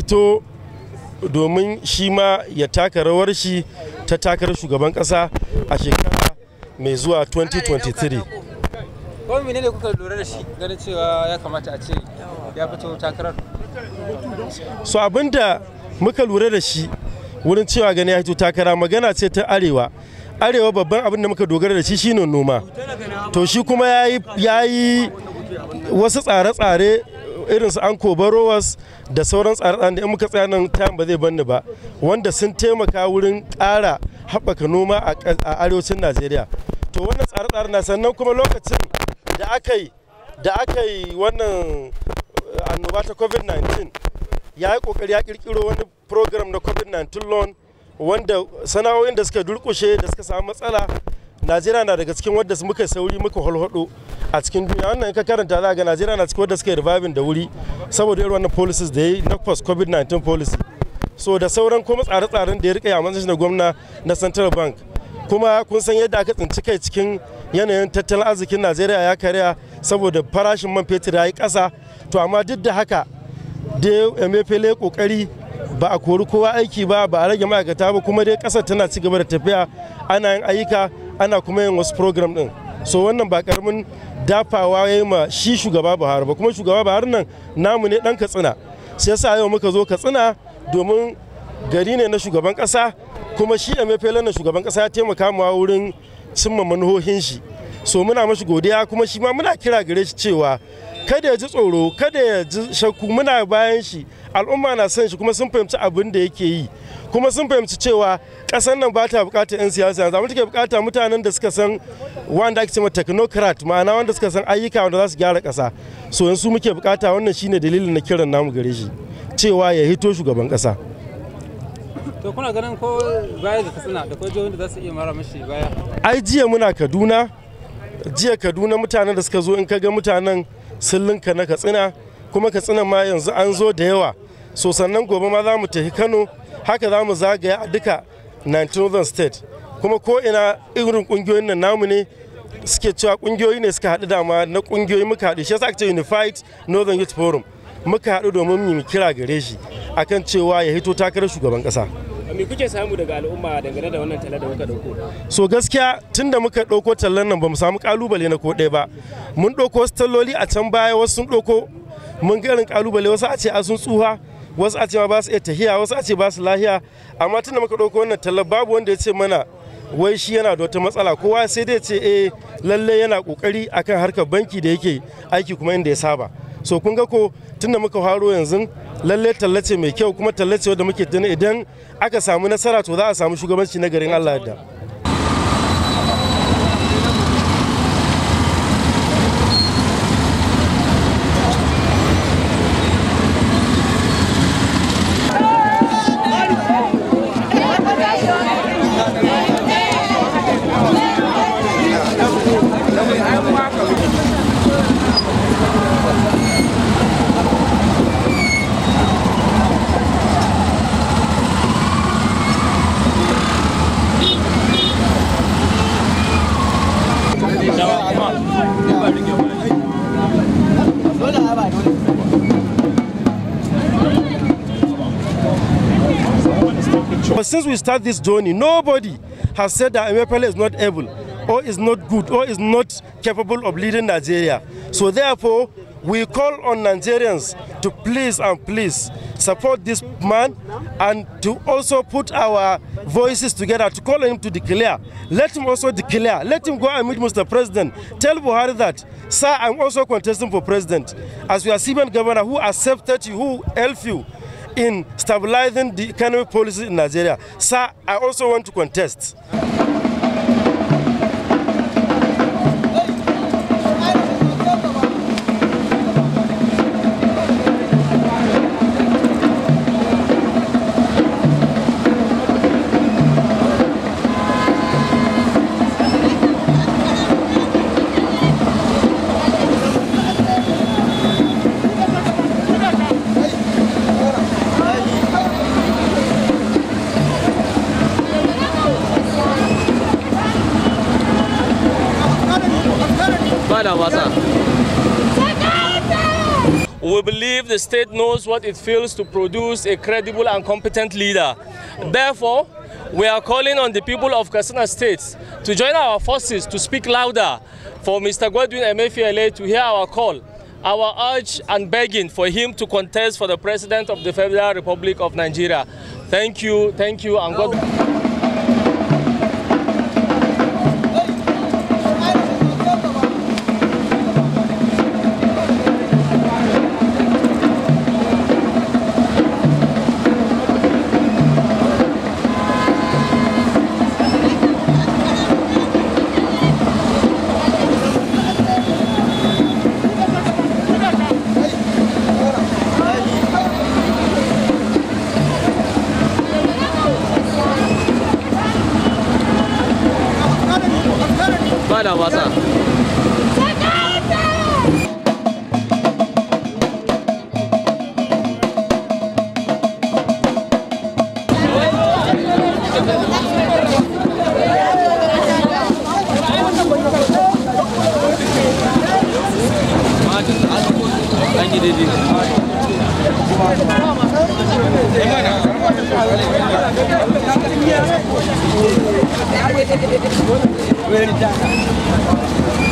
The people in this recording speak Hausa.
Fito domin shi ma ya taka rawar shi ta takarar shugaban kasa a shekara mai zuwa 2023 kuma ne kuka lura da shi ganin cewa ya kamata a ce ya fito takarar so abinda muka lura da shi wurin cewa gani ya fito takara magana ce ta arewa arewa babban abin da muka dogara da shi shine noma to shi kuma ya yi wasu tsare-tsare irin su anko barowas da sauran tsare da in muka tsaya nan tayan ba zai banni ba wanda sun taimaka wurin ƙara haɓaka noma a arewacin najeriya to wannan tsare-tsare na sannan kuma lokacin da aka yi da aka yi wannan eh, annoba ta covid-19 ya yi ƙoƙari ya ƙirƙiro wani program na covid-19 loan wanda sana'o'in da suka durƙushe da suka samu matsala najeriya na daga cikin wadda muka sauri muka holhodo a cikin duniya wannan ka karanta za ga najeriya na cikin wadda suka yi reviving da wuri saboda irin wannan policies da ya yi na post covid-19 policy so da sauran kuma tsare-tsaren da ya rika a matsayin na gwamna na central bank kuma kun san yadda aka tsinci kai cikin yanayin tattalin arzikin najeriya ya karya saboda farashin man fetur ya yi ƙasa to amma duk da haka da mfla kokari ba a kori kowa aiki ba ba a rage ma'aikata ba kuma dai kasar tana ci gaba da tafiya ana yin ayyuka ana kuma yin wasu program din so wannan ba karamin dafawa ya yi ma shi shugaba buhari ba kuma shugaba buhari nan namu ne dan katsina sai yasa yau muka zo katsina domin gari ne na shugaban kasa kuma shi da mafela na shugaban kasa ya taimaka mu wurin cimma manuhohin shi so muna mashi godiya kuma shi ma muna kira gare shi cewa kada ya ji tsoro kada ya ji shakku muna bayan shi al'umma na son shi kuma sun fahimci abin da yake yi kuma sun fahimci cewa ƙasar nan ba ta bukata 'yan siyasa yanzu abin da ke mutanen da suka san wanda ake cewa technocrat ma'ana wanda suka san ayyuka wanda za su gyara ƙasa so yanzu muke bukata wannan shine dalilin na kiran namu gare shi cewa ya hito shugaban ƙasa to kuna ganin ko baya da katsina da kwajo da za su iya mara mashi baya ai jiya muna kaduna jiya kaduna mutanen da suka zo in ka ga mutanen sun na katsina kuma katsina ma yanzu an zo da yawa so sannan gobe ma za mu tafi kano haka za mu zagaya a duka 19 northern state kuma ko ina irin kungiyoyin nan namu ne suke cewa kungiyoyi ne suka haɗu dama na kungiyoyi muka haɗu shi yasa aka ce unified northern youth forum muka haɗu domin mu kira gare shi akan cewa ya hito takarar shugaban ƙasa me kuke samu daga al'umma dangane da wannan talla da muka dauko so gaskiya tunda muka dauko tallan nan bamu samu kalubale na ko ɗaya ba mun dauko talloli a can baya wasu sun dauko mun ga irin kalubale wasu a ce a sun tsuha wasu a ce ba su iya tahiya wasu a ce ba su lahiya amma tunda muka dauko wannan talla babu wanda ya ce mana wai shi yana da wata matsala kowa sai dai ce eh lalle yana kokari akan harkar banki da yake aiki kuma inda ya saba so kun ga ko tunda muka haro yanzu lalle tallace mai kyau kuma tallace wadda muke tuni idan aka samu nasara to za a samu shugabanci na garin Allah da But since we start this journey, nobody has said that MPLA is not able or is not good or is not capable of leading Nigeria. So therefore, we call on Nigerians to please and please support this man and to also put our voices together to call him to declare. Let him also declare. Let him go and meet Mr. President. Tell Buhari that, sir, I'm also contesting for president. As your Siemens governor who accepted you, who helped you, in stabilizing the economic policies in Nigeria. Sir, I also want to contest. We believe the state knows what it feels to produce a credible and competent leader. Therefore, we are calling on the people of Katsina State to join our forces to speak louder for Mr. Godwin MFA to hear our call, our urge and begging for him to contest for the President of the Federal Republic of Nigeria. Thank you, thank you, and God. ana matsa Thank you, Where is that?